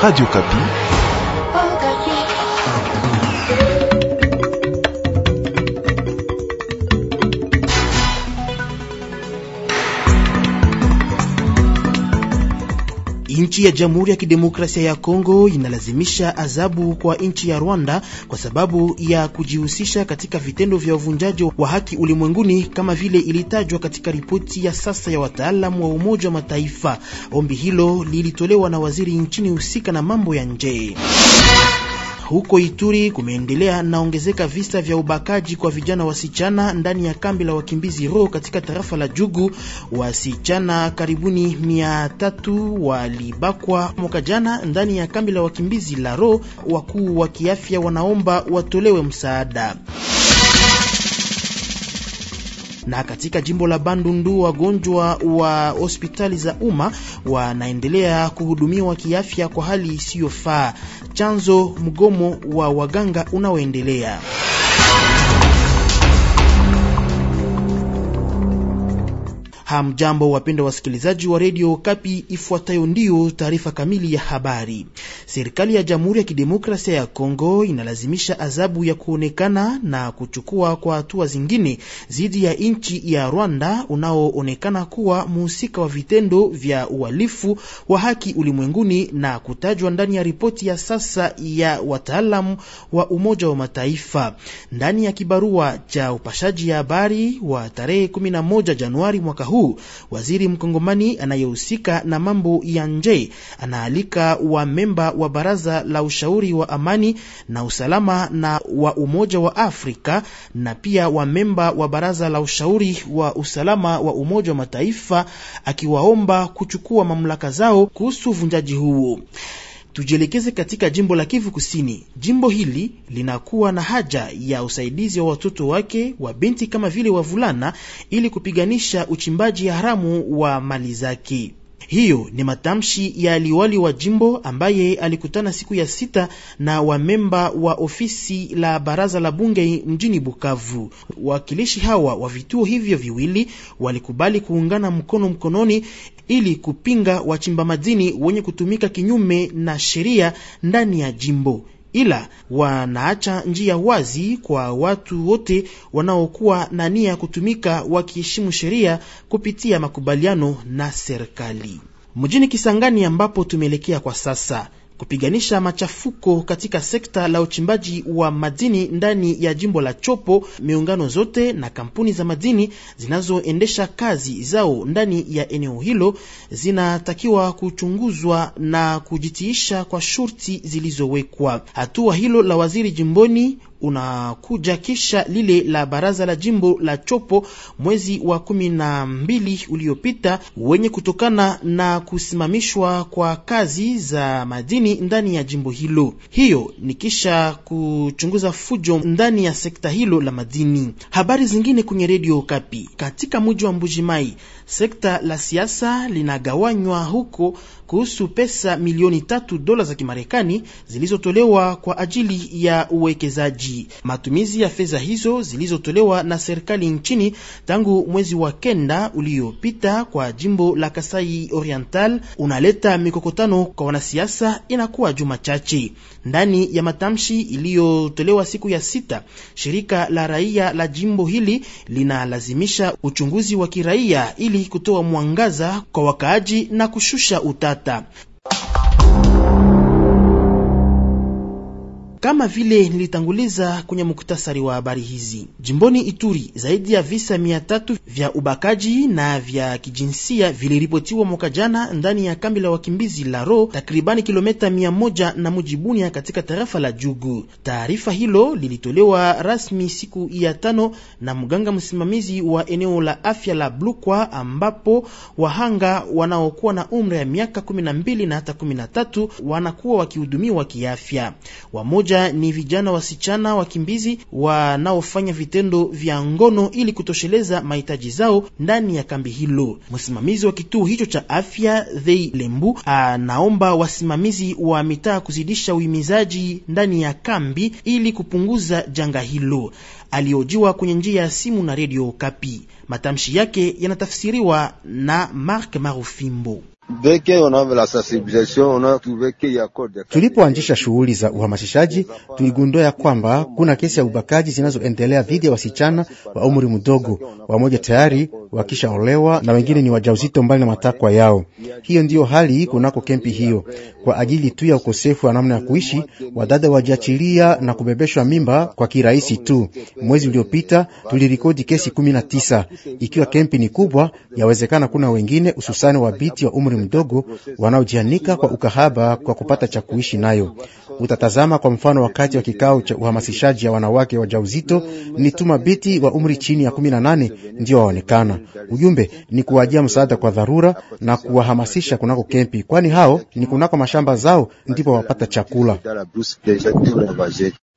Radio Kapi. Nchi ya Jamhuri ya Kidemokrasia ya Kongo inalazimisha adhabu kwa nchi ya Rwanda kwa sababu ya kujihusisha katika vitendo vya uvunjaji wa haki ulimwenguni kama vile ilitajwa katika ripoti ya sasa ya wataalamu wa Umoja wa Mataifa. Ombi hilo lilitolewa na waziri nchini husika na mambo ya nje. Huko Ituri kumeendelea na ongezeka visa vya ubakaji kwa vijana wasichana ndani ya kambi la wakimbizi Ro katika tarafa la Jugu. Wasichana karibuni mia tatu walibakwa mwaka jana ndani ya kambi la wakimbizi la Ro. Wakuu wa kiafya wanaomba watolewe msaada na katika jimbo la Bandundu wagonjwa wa hospitali za umma wanaendelea kuhudumiwa kiafya kwa hali isiyofaa chanzo mgomo wa waganga unaoendelea. Hamjambo, wapenda wasikilizaji wa redio Kapi. Ifuatayo ndiyo taarifa kamili ya habari. Serikali ya Jamhuri ya Kidemokrasia ya Kongo inalazimisha adhabu ya kuonekana na kuchukua kwa hatua zingine dhidi ya nchi ya Rwanda unaoonekana kuwa mhusika wa vitendo vya uhalifu wa haki ulimwenguni na kutajwa ndani ya ripoti ya sasa ya wataalamu wa Umoja wa Mataifa. Ndani ya kibarua cha upashaji ya habari wa tarehe 11 Januari mwaka huu huu, waziri mkongomani anayehusika na mambo ya nje anaalika wamemba wa baraza la ushauri wa amani na usalama na wa Umoja wa Afrika na pia wamemba wa baraza la ushauri wa usalama wa Umoja wa Mataifa akiwaomba kuchukua mamlaka zao kuhusu uvunjaji huo. Tujielekeze katika jimbo la Kivu Kusini. Jimbo hili linakuwa na haja ya usaidizi wa watoto wake wa binti kama vile wavulana, ili kupiganisha uchimbaji haramu wa mali zake. Hiyo ni matamshi ya aliwali wa jimbo ambaye alikutana siku ya sita na wamemba wa ofisi la baraza la bunge mjini Bukavu. Wawakilishi hawa wa vituo hivyo viwili walikubali kuungana mkono mkononi ili kupinga wachimba madini wenye kutumika kinyume na sheria ndani ya jimbo ila wanaacha njia wazi kwa watu wote wanaokuwa na nia kutumika wakiheshimu sheria kupitia makubaliano na serikali. Mjini Kisangani ambapo tumeelekea kwa sasa, kupiganisha machafuko katika sekta la uchimbaji wa madini ndani ya jimbo la Chopo. Miungano zote na kampuni za madini zinazoendesha kazi zao ndani ya eneo hilo zinatakiwa kuchunguzwa na kujitiisha kwa shurti zilizowekwa. Hatua hilo la waziri jimboni unakuja kisha lile la baraza la jimbo la Chopo mwezi wa kumi na mbili uliopita, wenye kutokana na kusimamishwa kwa kazi za madini ndani ya jimbo hilo. Hiyo ni kisha kuchunguza fujo ndani ya sekta hilo la madini. Habari zingine kwenye redio Kapi. Katika mji wa Mbujimai, sekta la siasa linagawanywa huko kuhusu pesa milioni tatu dola za Kimarekani zilizotolewa kwa ajili ya uwekezaji maji. Matumizi ya fedha hizo zilizotolewa na serikali nchini tangu mwezi wa kenda uliopita kwa jimbo la Kasai Oriental unaleta mikokotano kwa wanasiasa, inakuwa juma chache. Ndani ya matamshi iliyotolewa siku ya sita, shirika la raia la jimbo hili linalazimisha uchunguzi wa kiraia ili kutoa mwangaza kwa wakaaji na kushusha utata. Kama vile nilitanguliza kwenye muktasari wa habari hizi, jimboni Ituri zaidi ya visa mia tatu vya ubakaji na vya kijinsia viliripotiwa mwaka jana ndani ya kambi la wakimbizi la Ro, takribani kilometa mia moja na bunia katika tarafa la Jugu. Taarifa hilo lilitolewa rasmi siku ya tano na mganga msimamizi wa eneo la afya la Blukwa, ambapo wahanga wanaokuwa na umri ya miaka 12 na hata 13 wanakuwa wakihudumiwa kiafya. Wamoja moja ni vijana wasichana wakimbizi wanaofanya vitendo vya ngono ili kutosheleza mahitaji zao ndani ya kambi hilo. Msimamizi wa kituo hicho cha afya Dhei Lembu anaomba wasimamizi wa mitaa kuzidisha uhimizaji ndani ya kambi ili kupunguza janga hilo. Aliojiwa kwenye njia ya simu na redio Kapi, matamshi yake yanatafsiriwa na Mark Marufimbo. Tulipoanzisha shughuli za uhamasishaji, tuligundua ya kwamba kuna kesi ya ubakaji zinazoendelea dhidi ya wasichana wa umri mdogo. Wamoja tayari wakishaolewa na wengine ni wajauzito mbali na matakwa yao. Hiyo ndiyo hali kunako kempi hiyo. Kwa ajili tu ya ukosefu wa namna ya kuishi, wadada wajiachilia na kubebeshwa mimba kwa kirahisi tu. Mwezi uliopita tulirikodi kesi kumi na tisa. Ikiwa kempi ni kubwa, yawezekana kuna wengine hususani wabiti wa umri umri mdogo wanaojianika kwa ukahaba kwa kupata cha kuishi nayo. Utatazama kwa mfano wakati wa kikao cha uhamasishaji ya wanawake wajauzito, ni tuma biti wa umri chini ya 18 ndio waonekana. Ujumbe ni kuwajia msaada kwa dharura na kuwahamasisha kunako kempi, kwani hao ni kunako mashamba zao ndipo wapata chakula.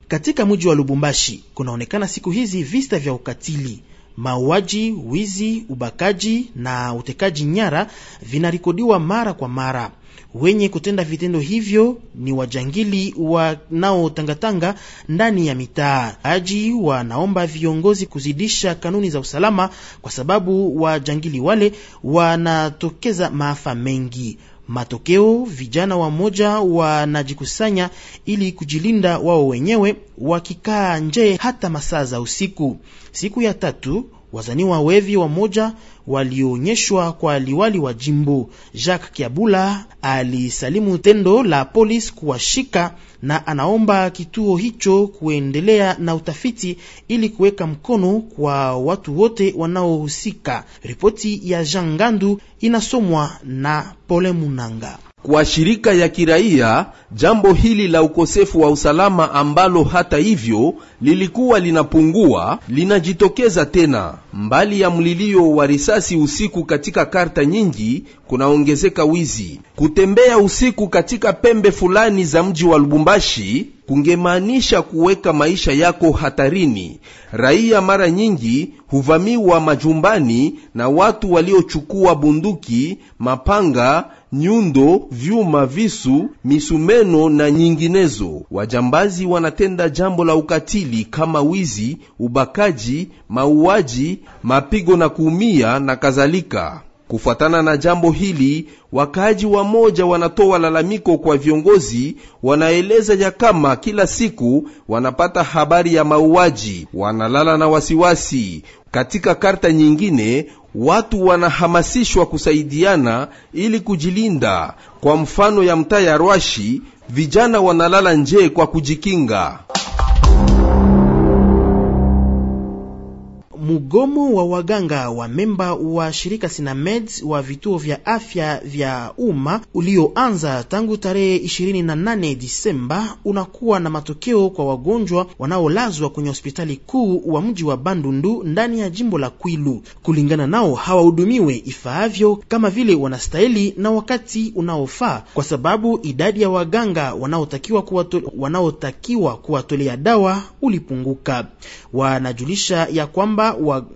Katika mji wa Lubumbashi kunaonekana siku hizi vista vya ukatili mauaji, wizi, ubakaji na utekaji nyara vinarikodiwa mara kwa mara. Wenye kutenda vitendo hivyo ni wajangili wanaotangatanga ndani ya mitaa. Aji wanaomba viongozi kuzidisha kanuni za usalama, kwa sababu wajangili wale wanatokeza maafa mengi. Matokeo, vijana wa moja wanajikusanya ili kujilinda wao wenyewe, wakikaa nje hata masaa za usiku. Siku ya tatu Wazaniwa wevi wa moja walionyeshwa kwa liwali wa jimbo Jacques Kiabula alisalimu tendo la polisi kuwashika na anaomba kituo hicho kuendelea na utafiti ili kuweka mkono kwa watu wote wanaohusika. Ripoti ya Jean Gandu inasomwa na Pole Munanga. Kwa shirika ya kiraia, jambo hili la ukosefu wa usalama ambalo hata hivyo lilikuwa linapungua linajitokeza tena. Mbali ya mlilio wa risasi usiku katika karta nyingi, kunaongezeka wizi. Kutembea usiku katika pembe fulani za mji wa Lubumbashi kungemaanisha kuweka maisha yako hatarini. Raia mara nyingi huvamiwa majumbani na watu waliochukua bunduki, mapanga nyundo, vyuma, visu, misumeno na nyinginezo. Wajambazi wanatenda jambo la ukatili kama wizi, ubakaji, mauaji, mapigo na kuumia na kadhalika. Kufuatana na jambo hili, wakaaji wamoja wanatoa lalamiko kwa viongozi, wanaeleza ya kama kila siku wanapata habari ya mauaji, wanalala na wasiwasi. Katika karta nyingine, watu wanahamasishwa kusaidiana ili kujilinda. Kwa mfano ya mtaa ya Rwashi, vijana wanalala nje kwa kujikinga. Mgomo wa waganga wa memba wa shirika Sinamed wa vituo vya afya vya umma ulioanza tangu tarehe 28 Disemba unakuwa na matokeo kwa wagonjwa wanaolazwa kwenye hospitali kuu wa mji wa Bandundu ndani ya jimbo la Kwilu. Kulingana nao, hawahudumiwe ifaavyo kama vile wanastahili na wakati unaofaa, kwa sababu idadi ya waganga wanaotakiwa wanaotakiwa kuwatolea dawa ulipunguka. Wanajulisha ya kwamba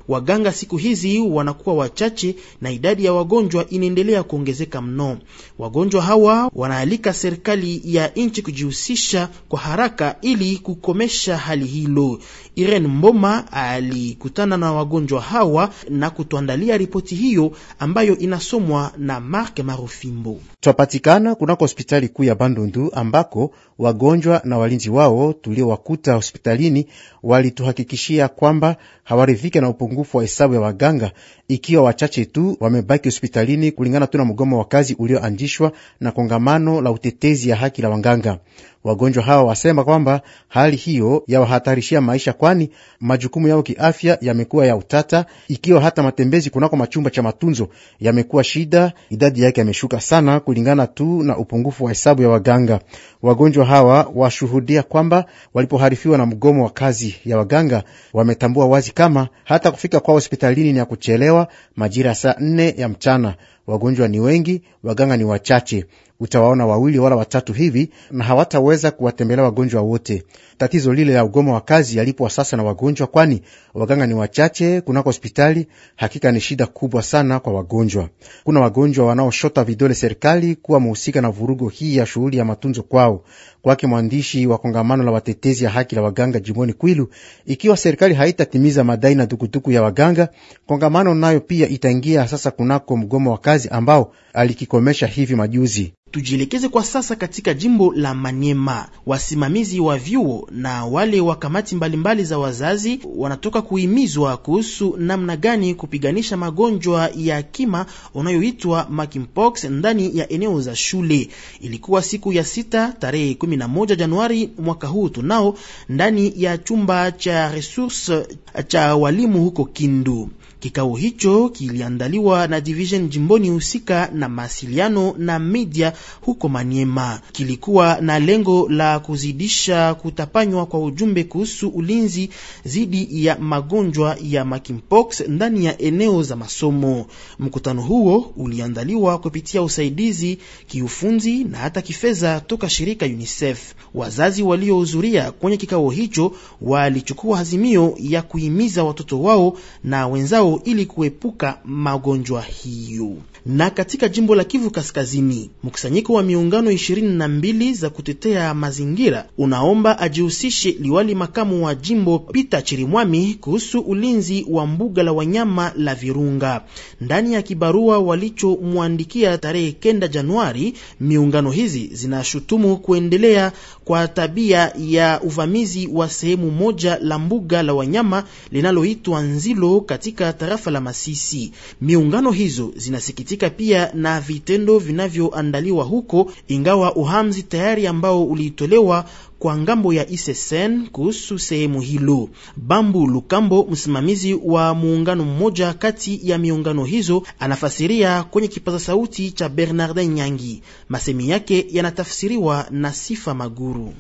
waganga siku hizi wanakuwa wachache na idadi ya wagonjwa inaendelea kuongezeka mno. Wagonjwa hawa wanaalika serikali ya nchi kujihusisha kwa haraka ili kukomesha hali hilo. Irene Mboma alikutana na wagonjwa hawa na kutuandalia ripoti hiyo ambayo inasomwa na Mark Marufimbo. Twapatikana kunako hospitali kuu ya Bandundu ambako wagonjwa na walinzi wao tuliowakuta hospitalini walituhakikishia kwamba hawaridhike na upungufu wa hesabu ya waganga, ikiwa wachache tu wamebaki hospitalini kulingana tu na mgomo wa kazi ulioanzishwa na kongamano la utetezi ya haki la waganga. Wagonjwa hawa wasema kwamba hali hiyo yawahatarishia maisha kwa kwani majukumu yao kiafya yamekuwa ya utata, ikiwa hata matembezi kunako machumba cha matunzo yamekuwa shida. Idadi yake yameshuka sana kulingana tu na upungufu wa hesabu ya waganga. Wagonjwa hawa washuhudia kwamba walipoharifiwa na mgomo wa kazi ya waganga, wametambua wazi kama hata kufika kwa hospitalini ni ya kuchelewa, majira ya saa nne ya mchana. Wagonjwa ni wengi, waganga ni wachache utawaona wawili wala watatu hivi, na hawataweza kuwatembelea wagonjwa wote. Tatizo lile la ugomo wa kazi yalipwa sasa na wagonjwa, kwani waganga ni wachache kunako hospitali. Hakika ni shida kubwa sana kwa wagonjwa. Kuna wagonjwa wanaoshota vidole serikali kuwa mehusika na vurugo hii ya shughuli ya matunzo kwao. Kwake mwandishi wa kongamano la watetezi ya haki la waganga jimboni Kwilu, ikiwa serikali haitatimiza madai na dukuduku ya waganga, kongamano nayo pia itaingia sasa kunako mgomo wa kazi ambao alikikomesha hivi majuzi. Tujielekeze kwa sasa katika jimbo la Maniema. Wasimamizi wa vyuo na wale wa kamati mbalimbali za wazazi wanatoka kuhimizwa kuhusu namna gani kupiganisha magonjwa ya kima unayoitwa monkeypox ndani ya eneo za shule. Ilikuwa siku ya sita tarehe 11 Januari mwaka huu, tunao ndani ya chumba cha resource cha walimu huko Kindu. Kikao hicho kiliandaliwa na division jimboni husika na mawasiliano na media huko Maniema. Kilikuwa na lengo la kuzidisha kutapanywa kwa ujumbe kuhusu ulinzi dhidi ya magonjwa ya monkeypox ndani ya eneo za masomo. Mkutano huo uliandaliwa kupitia usaidizi kiufunzi na hata kifedha toka shirika UNICEF. Wazazi waliohudhuria kwenye kikao hicho walichukua azimio ya kuhimiza watoto wao na wenzao ili kuepuka magonjwa hiyo na katika jimbo la Kivu Kaskazini. Mkusanyiko wa miungano ishirini na mbili za kutetea mazingira unaomba ajihusishe liwali makamu wa jimbo Pita Chirimwami kuhusu ulinzi wa mbuga la wanyama la Virunga. Ndani ya kibarua walichomwandikia tarehe kenda Januari, miungano hizi zinashutumu kuendelea kwa tabia ya uvamizi wa sehemu moja la mbuga la wanyama linaloitwa Nzilo katika tarafa la Masisi. Miungano hizo zinasikitika wanahusika pia na vitendo vinavyoandaliwa huko, ingawa uhamzi tayari ambao ulitolewa kwa ngambo ya ISSN kuhusu sehemu hilo. Bambu Lukambo, msimamizi wa muungano mmoja kati ya miungano hizo, anafasiria kwenye kipaza sauti cha Bernardin Nyangi. Masemi yake yanatafsiriwa na Sifa Maguru.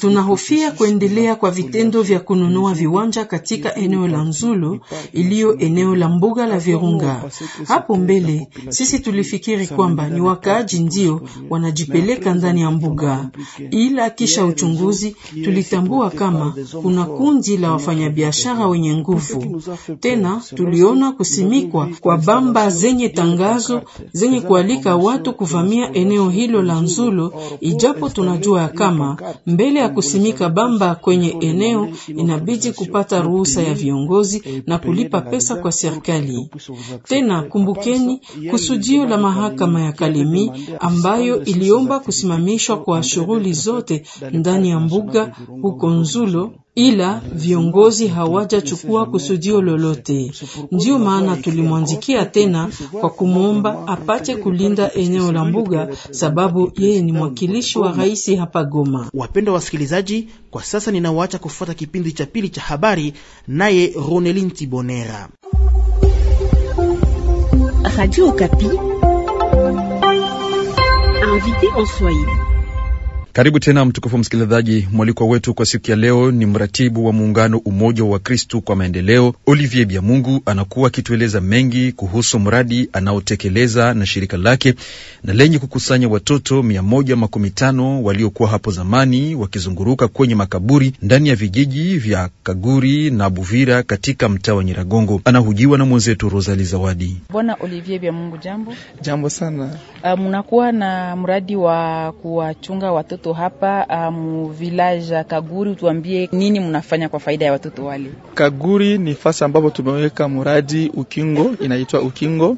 Tunahofia kuendelea kwa vitendo vya kununua viwanja katika eneo la Nzulu iliyo eneo la mbuga la Virunga. Hapo mbele sisi tulifikiri kwamba ni wakaaji ndio wanajipeleka ndani ya mbuga silaha, ila kisha uchunguzi tulitambua kama kuna kundi la wafanyabiashara wenye nguvu. Tena tuliona kusimikwa kwa bamba zenye tangazo zenye kualika watu kuvamia eneo hilo la Nzulo, ijapo tunajua ya kama mbele ya kusimika bamba kwenye eneo inabidi kupata ruhusa ya viongozi na kulipa pesa kwa serikali. Tena kumbukeni kusudio la mahakama ya Kalemi ambayo iliomba kusimamishwa kwa kwa shughuli zote ndani ya mbuga huko Nzulo, ila viongozi hawajachukua kusudio lolote. Ndiyo maana tulimwandikia tena kwa kumwomba apate kulinda eneo la mbuga, sababu yeye ni mwakilishi wa rais hapa Goma. Wapendwa wasikilizaji, kwa sasa ninawaacha kufuata kipindi cha pili cha habari, naye Ronelin Tibonera. Radio Okapi, invité en Swahili. Karibu tena mtukufu msikilizaji. Mwalikwa wetu kwa siku ya leo ni mratibu wa muungano Umoja wa Kristu kwa Maendeleo, Olivier Biamungu. Anakuwa akitueleza mengi kuhusu mradi anaotekeleza na shirika lake na lenye kukusanya watoto mia moja makumi tano waliokuwa hapo zamani wakizunguruka kwenye makaburi ndani ya vijiji vya Kaguri na Buvira katika mtaa wa Nyiragongo. Anahujiwa na mwenzetu Rosali Zawadi. Bwana Olivier Biamungu, jambo. Jambo sana. Uh, mnakuwa na mradi wa kuwachunga watoto watoto hapa mu um, Kaguri, tuambie nini mnafanya kwa faida ya watoto wale. Kaguri ni fasi ambapo tumeweka mradi ukingo, inaitwa ukingo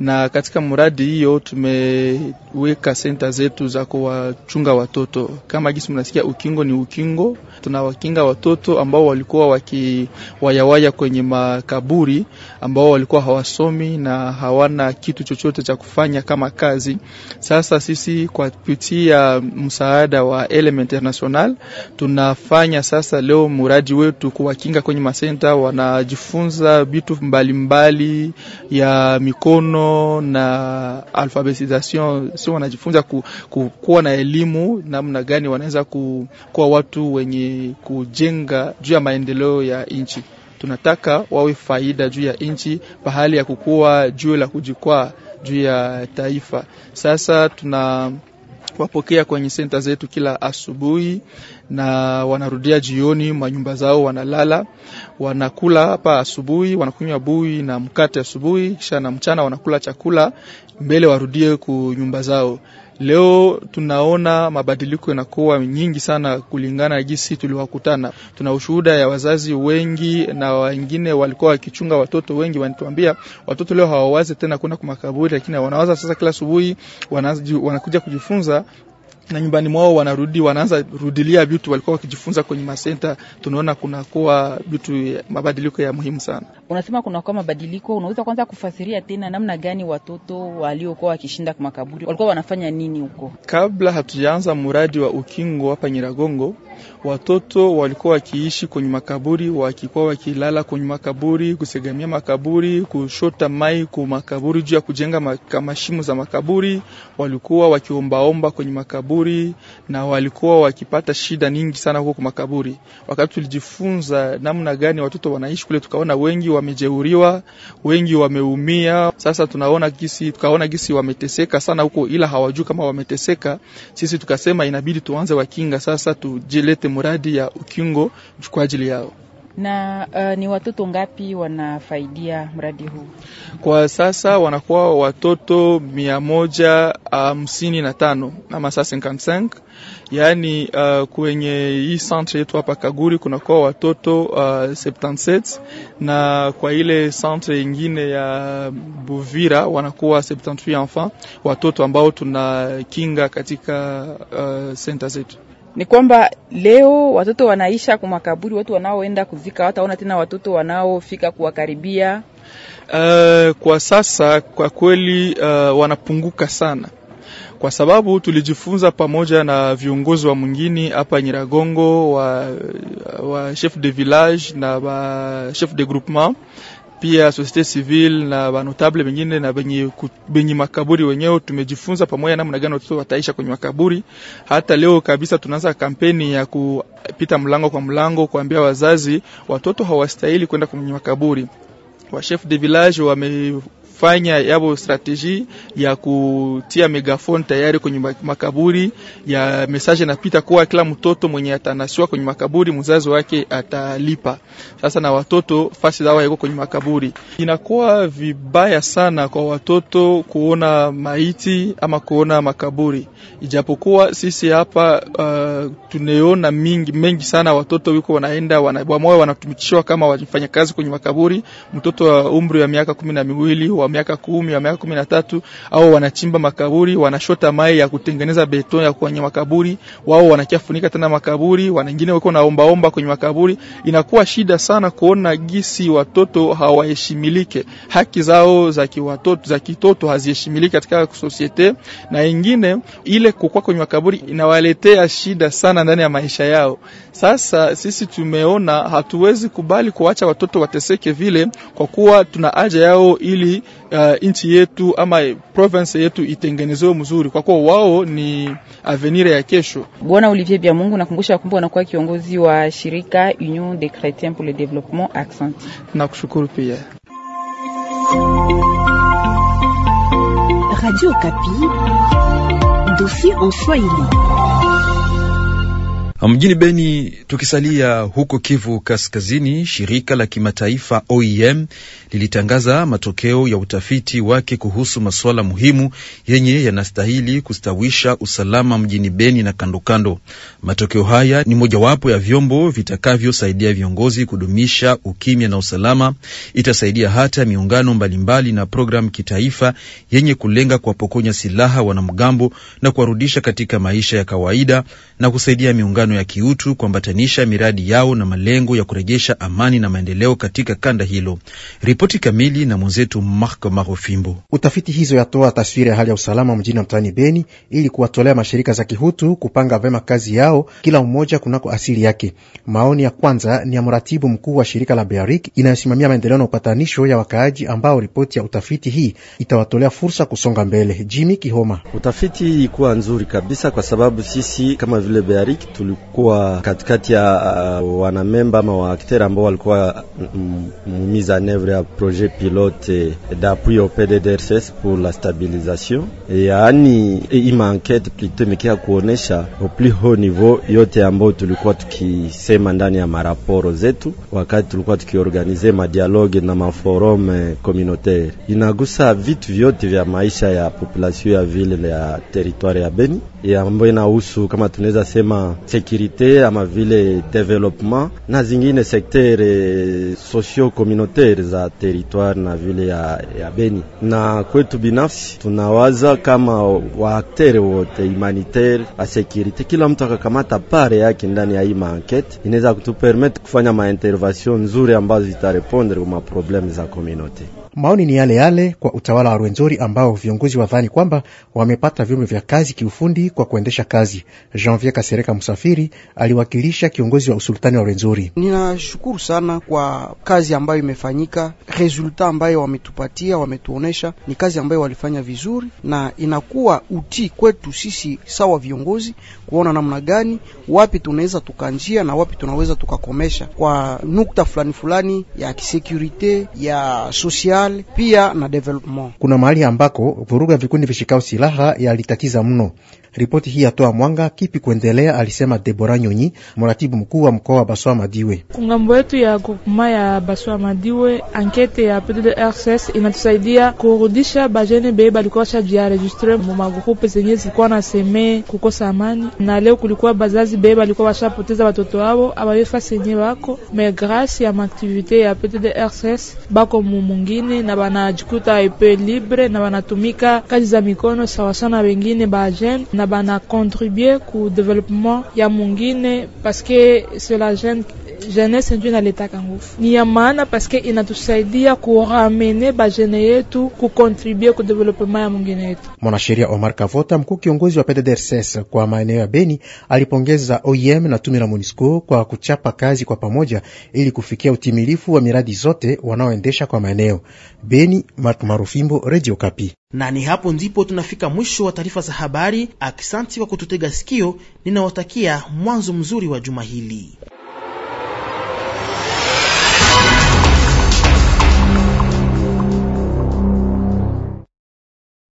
na katika mradi hiyo tumeweka senta zetu za kuwachunga watoto. Kama gisi mnasikia, ukingo ni ukingo, tunawakinga watoto ambao walikuwa wakiwayawaya kwenye makaburi, ambao walikuwa hawasomi na hawana kitu chochote cha kufanya kama kazi. Sasa sisi kwa kupitia msaada wa Element International tunafanya sasa leo mradi wetu kuwakinga kwenye masenta, wanajifunza vitu mbalimbali ya mikono mikono na alfabetisation, sio wanajifunza ku, ku, kuwa na elimu namna gani wanaweza ku, kuwa watu wenye kujenga juu ya maendeleo ya nchi. Tunataka wawe faida juu ya nchi, pahali ya kukua juu la kujikwaa juu ya taifa. Sasa tuna kuwapokea kwenye senta zetu kila asubuhi, na wanarudia jioni manyumba zao, wanalala, wanakula hapa asubuhi, wanakunywa bui na mkate asubuhi, kisha na mchana wanakula chakula mbele warudie kunyumba zao. Leo tunaona mabadiliko yanakuwa nyingi sana kulingana na jinsi tuliwakutana. Tuna ushuhuda ya wazazi wengi na wengine walikuwa wakichunga watoto wengi, wanatuambia watoto leo hawawazi tena kwenda kwa makaburi, lakini wanawaza sasa, kila asubuhi wanakuja kujifunza na nyumbani mwao wanarudi, wanaanza rudilia vitu walikuwa wakijifunza kwenye masenta. Tunaona kunakuwa vitu mabadiliko ya muhimu sana. Unasema kunakuwa mabadiliko, unaweza kwanza kufasiria tena namna gani watoto waliokuwa wakishinda makaburi walikuwa wanafanya nini huko? Kabla hatujaanza mradi wa ukingo hapa Nyiragongo, watoto walikuwa wakiishi kwenye makaburi, wakikuwa wakilala kwenye makaburi, kusegamia makaburi, kushota mai ku makaburi, juu ya kujenga mashimo za makaburi, walikuwa wakiombaomba kwenye makaburi makaburi na walikuwa wakipata shida nyingi sana huko makaburi. Wakati tulijifunza namna gani watoto wanaishi kule, tukaona wengi wamejeuriwa, wengi wameumia. Sasa tunaona gisi, tukaona gisi wameteseka sana huko, ila hawajui kama wameteseka. Sisi tukasema inabidi tuanze wakinga, sasa tujilete muradi ya ukingo kwa ajili yao na uh, ni watoto ngapi wanafaidia mradi huu? Kwa sasa wanakuwa watoto mia moja hamsini na tano ama masaa 55 yaani uh, kwenye hii centre yetu hapa Kaguri kunakuwa watoto uh, eh, 77 na kwa ile centre ingine ya Buvira wanakuwa 78 enfant watoto ambao tunakinga katika uh, senta zetu ni kwamba leo watoto wanaisha kwa makaburi, watu wanaoenda kuzika wataona tena watoto wanaofika kuwakaribia. Uh, kwa sasa kwa kweli uh, wanapunguka sana kwa sababu tulijifunza pamoja na viongozi wa mwingine hapa Nyiragongo wa, wa chef de village na wa chef de groupement pia societe civile na banotable wengine na benye, benye makaburi wenyewe. Tumejifunza pamoja namna gani watoto wataisha kwenye makaburi. Hata leo kabisa tunaanza kampeni ya kupita mlango kwa mlango kuambia wazazi watoto hawastahili kwenda kwenye makaburi. Wa chef de village wame kufanya yabo strateji ya kutia megafoni tayari kwenye makaburi ya message na pita kwa kila mtoto mwenye atanasiwa kwenye makaburi mzazi wake atalipa. Sasa na watoto fasi dawa yako kwenye makaburi, inakuwa vibaya sana kwa watoto kuona maiti ama kuona makaburi, ijapokuwa sisi hapa uh, tuneona mingi mengi sana watoto wiko wanaenda wanabwa moyo wanatumikishwa kama wafanyakazi kwenye makaburi. Mtoto wa umri wa miaka kumi na miwili wa miaka kumi wa miaka kumi na tatu au wanachimba makaburi, wanashota mai ya kutengeneza beton ya kwenye makaburi, wao wanachafunika tena makaburi, wanaingine wako naombaomba kwenye makaburi. Inakuwa shida sana kuona gisi watoto hawaheshimilike, haki zao za kiwatoto za kitoto haziheshimiliki katika sosiete, na ingine ile kukua kwenye makaburi inawaletea shida sana ndani ya maisha yao. Sasa sisi tumeona hatuwezi kubali kuacha watoto wateseke vile, kwa kuwa tuna haja yao ili uh, nchi yetu ama province yetu itengenezewe mzuri, kwa kuwa wao ni avenir ya kesho. Bwana Olivier mungu nakumbusha kwamba anakuwa kiongozi wa shirika Union des Chretiens pour le Développement Accent. Nakushukuru pia Radio Kapi, dossier en Swahili. Mjini Beni, tukisalia huko Kivu Kaskazini, shirika la kimataifa OIM e lilitangaza matokeo ya utafiti wake kuhusu masuala muhimu yenye yanastahili kustawisha usalama mjini Beni na kandokando. Matokeo haya ni mojawapo ya vyombo vitakavyosaidia viongozi kudumisha ukimya na usalama. Itasaidia hata miungano mbalimbali na programu kitaifa yenye kulenga kuwapokonya silaha wanamgambo na kuwarudisha katika maisha ya kawaida na kusaidia miungano mapambano ya kiutu kuambatanisha miradi yao na malengo ya kurejesha amani na maendeleo katika kanda hilo. Ripoti kamili na mwenzetu Mark Marofimbo. Utafiti hizo yatoa taswira ya hali ya usalama mjini mtaani Beni ili kuwatolea mashirika za kihutu kupanga vema kazi yao, kila mmoja kunako asili yake. Maoni ya kwanza ni ya mratibu mkuu wa shirika la Bearik inayosimamia maendeleo na upatanisho ya wakaaji, ambao ripoti ya utafiti hii itawatolea fursa kusonga mbele. Jimi Kihoma: utafiti ilikuwa nzuri kabisa kwa sababu sisi kama vile Bearik tuli kuwa katikati ya uh, wanamemba ama waakteri ambao walikuwa mm, mm, mumiza nevre ya projet pilote d'appui au PDDRCS pour la stabilisation, yaani ima enquete plutôt imekia kuonesha au plus haut niveau yote ambao tulikuwa tukisema ndani ya maraporo zetu wakati tulikuwa tukiorganize madialogue na maforum eh, communautaire. Inagusa vitu vyote vya maisha ya population ya vile ya territoire ya Beni ambayo inahusu kama tunaweza sema securite ama vile development na zingine sektere euh, socio communautaire za territoire na vile ya, ya Beni. Na kwetu binafsi tunawaza kama euh, waaktere euh, wote humanitaire a securite, kila mtu akakamata pare yake ndani ya hii maankete, inaweza kutupermete kufanya maintervention nzuri ambazo zitarepondre kwa maprobleme za communauté. Maoni ni yale yale kwa utawala wa Rwenzori ambao viongozi wadhani kwamba wamepata vyombo vya kazi kiufundi kwa kuendesha kazi. Janvier Kasereka Msafiri aliwakilisha kiongozi wa usultani wa Rwenzori. Ninashukuru sana kwa kazi ambayo imefanyika, resulta ambayo wametupatia, wametuonesha ni kazi ambayo walifanya vizuri, na inakuwa utii kwetu sisi sawa viongozi kuona namna gani, wapi tunaweza tukanjia na wapi tunaweza tukakomesha kwa nukta fulani fulani ya kisekurite ya sosial serikali pia na development. Kuna mahali ambako vurugu ya vikundi vishikao silaha yalitatiza mno. Ripoti hii yatoa mwanga kipi kuendelea, alisema Debora Nyonyi, mratibu mkuu wa mkoa wa Baswa Madiwe. Kungambo yetu ya groupema ya Baswa Madiwe, ankete ya PDDRCS inatusaidia kurudisha bajene bee balikuwa shajiaregistre mu magrupe zenye zilikuwa na seme kukosa amani, na leo kulikuwa bazazi bee balikuwa washapoteza watoto wao abawefa senye wako me grasi ya maaktivite ya PDDRCS bako mumungine Nabana na banajikuta epe libre na banatumika kazi za mikono sawasawa na wengine ba jeune na banakontribue ku developement ya mungine paske c'est la jeune jeunesse ndio inaleta nguvu, ni ya maana paske inatusaidia kuramene bajene yetu kukontribue ku developema ya mwingine yetu. Mwanasheria Omar Kavota, mkuu kiongozi wa PDDRCS kwa maeneo ya Beni, alipongeza OIM e na tume la MONUSCO kwa kuchapa kazi kwa pamoja ili kufikia utimilifu wa miradi zote wanaoendesha kwa maeneo Beni. Mark Marufimbo, Radio Kapi. Na ni hapo ndipo tunafika mwisho wa taarifa za habari. Aksanti kwa kututega sikio, ninawatakia mwanzo mzuri wa juma hili.